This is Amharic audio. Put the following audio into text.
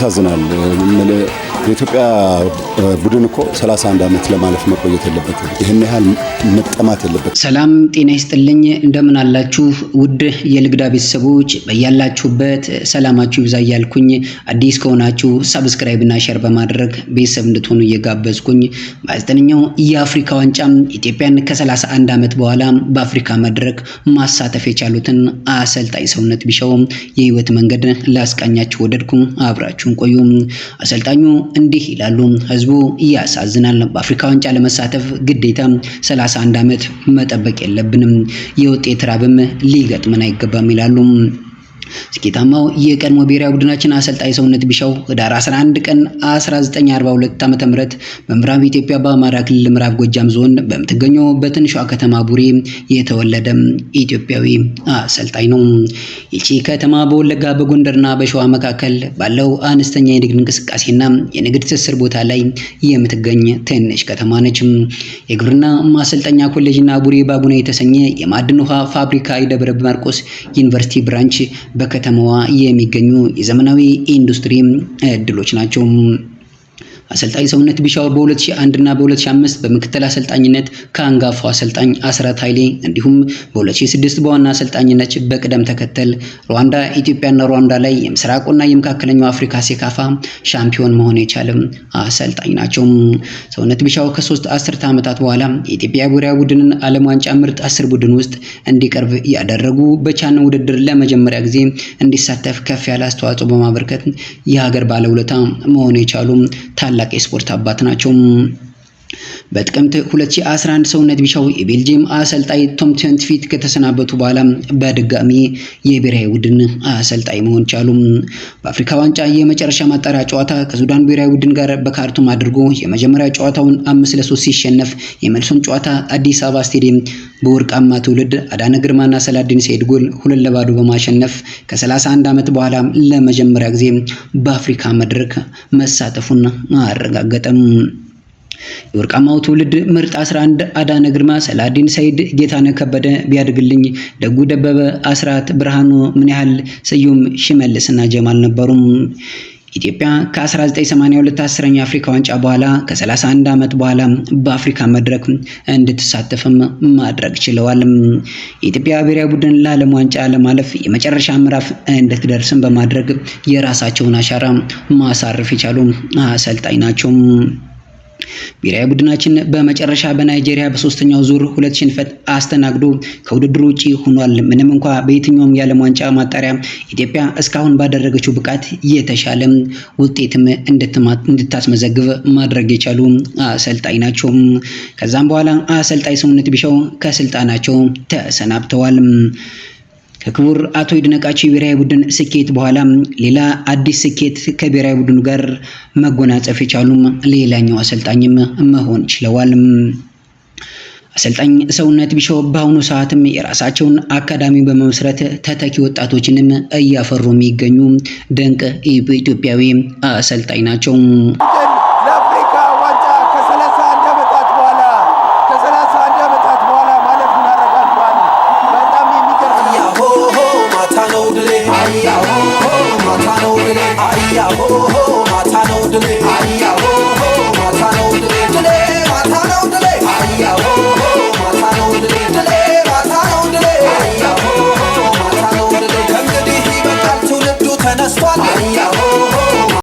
ያሳዝናል። የኢትዮጵያ ቡድን እኮ 31 ዓመት ለማለፍ መቆየት የለበት። ይህን ያህል መጠማት የለበት። ሰላም ጤና ይስጥልኝ። እንደምን አላችሁ ውድ የልግዳ ቤተሰቦች፣ በያላችሁበት ሰላማችሁ ይብዛ እያልኩኝ አዲስ ከሆናችሁ ሰብስክራይብ እና ሼር በማድረግ ቤተሰብ እንድትሆኑ እየጋበዝኩኝ በዘጠነኛው የአፍሪካ ዋንጫም ኢትዮጵያን ከ31 ዓመት በኋላ በአፍሪካ መድረክ ማሳተፍ የቻሉትን አሰልጣኝ ሰውነት ቢሻውም የህይወት መንገድ ላስቃኛችሁ ወደድኩ። አብራችሁን ቆዩ። አሰልጣኙ እንዲህ ይላሉ። ህዝቡ ያሳዝናል። በአፍሪካ ዋንጫ ለመሳተፍ ግዴታ 31 ዓመት መጠበቅ የለብንም። የውጤት ራብም ሊገጥመን አይገባም ይላሉ። ስኬታማው የቀድሞ ብሔራዊ ቡድናችን አሰልጣኝ ሰውነት ቢሻው ህዳር 11 ቀን 1942 ዓ.ም በምዕራብ ኢትዮጵያ በአማራ ክልል ምዕራብ ጎጃም ዞን በምትገኘው በትንሿ ከተማ ቡሬ የተወለደ ኢትዮጵያዊ አሰልጣኝ ነው። ይቺ ከተማ በወለጋ በጎንደርና በሸዋ መካከል ባለው አነስተኛ የንግድ እንቅስቃሴና የንግድ ትስስር ቦታ ላይ የምትገኝ ትንሽ ከተማ ነች። የግብርና ማሰልጠኛ ኮሌጅና ቡሬ ባቡና የተሰኘ የማዕድን ውሃ ፋብሪካ የደብረ ማርቆስ ዩኒቨርሲቲ ብራንች በከተማዋ የሚገኙ የዘመናዊ ኢንዱስትሪ እድሎች ናቸው። አሰልጣኝ ሰውነት ቢሻው በ2001 እና በ2005 በምክትል አሰልጣኝነት ከአንጋፋው አሰልጣኝ አስራት ኃይሌ እንዲሁም በ2006 በዋና አሰልጣኝነት በቅደም ተከተል ሩዋንዳ፣ ኢትዮጵያና ሩዋንዳ ላይ የምስራቁና የመካከለኛው አፍሪካ ሴካፋ ሻምፒዮን መሆን የቻለም አሰልጣኝ ናቸው። ሰውነት ቢሻው ከሶስት አስርተ ዓመታት በኋላ የኢትዮጵያ ብሔራዊ ቡድንን ዓለም ዋንጫ ምርጥ አስር ቡድን ውስጥ እንዲቀርብ ያደረጉ በቻን ውድድር ለመጀመሪያ ጊዜ እንዲሳተፍ ከፍ ያለ አስተዋጽኦ በማበርከት የሀገር ባለውለታ መሆን የቻሉ ታ ታላቅ የስፖርት አባት ናቸው። በጥቅምት 2011 ሰውነት ቢሻው የቤልጅየም አሰልጣኝ ቶም ቲየንት ፊት ከተሰናበቱ በኋላ በድጋሚ የብሔራዊ ቡድን አሰልጣኝ መሆን ቻሉ። በአፍሪካ ዋንጫ የመጨረሻ ማጣሪያ ጨዋታ ከሱዳን ብሔራዊ ቡድን ጋር በካርቱም አድርጎ የመጀመሪያ ጨዋታውን አምስት ለሶስት ሲሸነፍ የመልሱን ጨዋታ አዲስ አበባ ስቴዲየም በወርቃማ ትውልድ አዳነ ግርማና ሰላዲን ሰይድ ጎል ሁለት ለባዶ በማሸነፍ ከ31 ዓመት በኋላ ለመጀመሪያ ጊዜ በአፍሪካ መድረክ መሳተፉን አረጋገጠም። የወርቃማው ትውልድ ምርጥ 11 አዳነ ግርማ፣ ሰላዲን ሰይድ፣ ጌታነ ከበደ፣ ቢያድግልኝ ደጉ ደበበ፣ አስራት ብርሃኑ፣ ምን ያህል ስዩም፣ ሽመልስና ጀማል ነበሩም። ኢትዮጵያ ከ1982 አስረኛ አፍሪካ ዋንጫ በኋላ ከ31 ዓመት በኋላ በአፍሪካ መድረክ እንድትሳተፍም ማድረግ ችለዋል። የኢትዮጵያ ብሔራዊ ቡድን ለዓለም ዋንጫ ለማለፍ የመጨረሻ ምዕራፍ እንድትደርስም በማድረግ የራሳቸውን አሻራ ማሳረፍ የቻሉ አሰልጣኝ ናቸው። ብሔራዊ ቡድናችን በመጨረሻ በናይጄሪያ በሶስተኛው ዙር ሁለት ሽንፈት አስተናግዶ ከውድድሩ ውጪ ሆኗል። ምንም እንኳ በየትኛውም የዓለም ዋንጫ ማጣሪያ ኢትዮጵያ እስካሁን ባደረገችው ብቃት የተሻለ ውጤትም እንድታስመዘግብ ማድረግ የቻሉ አሰልጣኝ ናቸው። ከዛም በኋላ አሰልጣኝ ሰውነት ቢሻው ከስልጣናቸው ተሰናብተዋል። ከክቡር አቶ ይድነቃቸው የብሔራዊ ቡድን ስኬት በኋላ ሌላ አዲስ ስኬት ከብሔራዊ ቡድኑ ጋር መጎናጸፍ የቻሉም ሌላኛው አሰልጣኝም መሆን ችለዋል። አሰልጣኝ ሰውነት ቢሻው በአሁኑ ሰዓትም የራሳቸውን አካዳሚ በመመስረት ተተኪ ወጣቶችንም እያፈሩ የሚገኙ ድንቅ ኢትዮጵያዊ አሰልጣኝ ናቸው።